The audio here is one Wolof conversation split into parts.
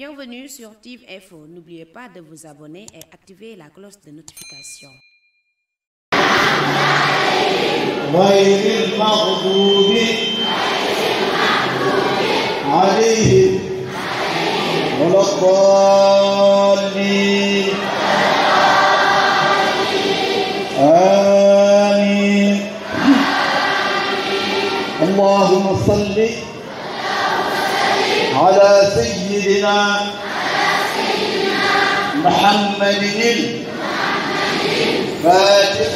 Bienvenue sur Tive Info. N'oubliez pas de vous abonner et activer la cloche de notification. Allez. على سيدنا محمد الفاتح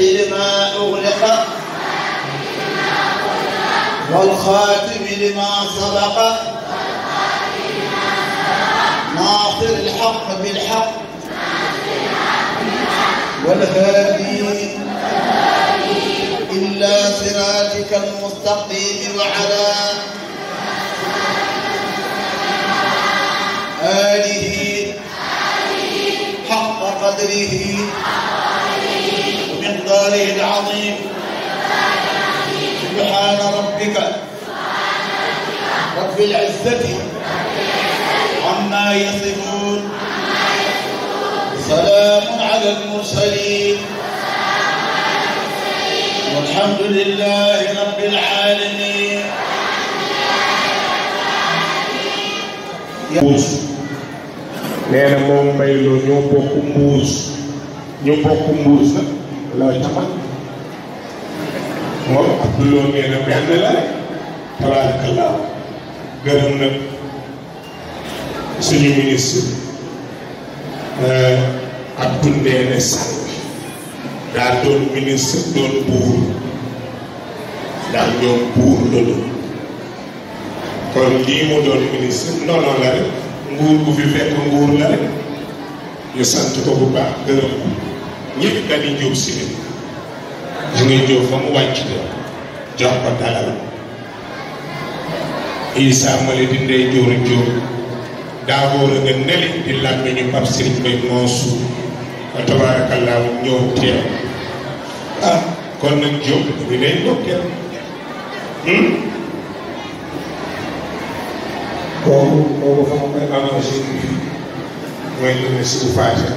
لما أغلق والخاتم لما سبق ناصر الحق بالحق والهادي إلا صراطك المستقيم وعلى قدره ومقداره العظيم سبحان ربك رب العزة عما يصفون سلام على المرسلين والحمد لله رب العالمين Yeah. nee moom mbay loo bokk mbuus ñoo bokk mbuus la loo taxal moom Abdoulaye nee na benn la tabaarakallaa gërëm nag suñu ministre euh, Abdoul Ndéné Sall daa doon ministre doon buur ndax ñoom buur la kon lii mu doon ministre non la rek. nguur gu fi fekk nguur la rek ñu sant ko bu baax gërëm ko ñëpp dañuy jóob si ne ñu ngi fa mu wàcc ko jox ko dalal Issa Mali di ndey jóoru jóob daawoo la nga neli di làmbi ñu pap sëriñ bay moosu fa tabaarakallaahu ñëw teew ah kon nag jóob ñu lay ndokkeel hmm? como, como vamos pegar no Egito, no que do página.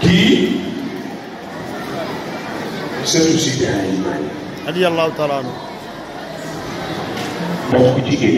Que você suscita ainda. Ali Allah Talano. Tá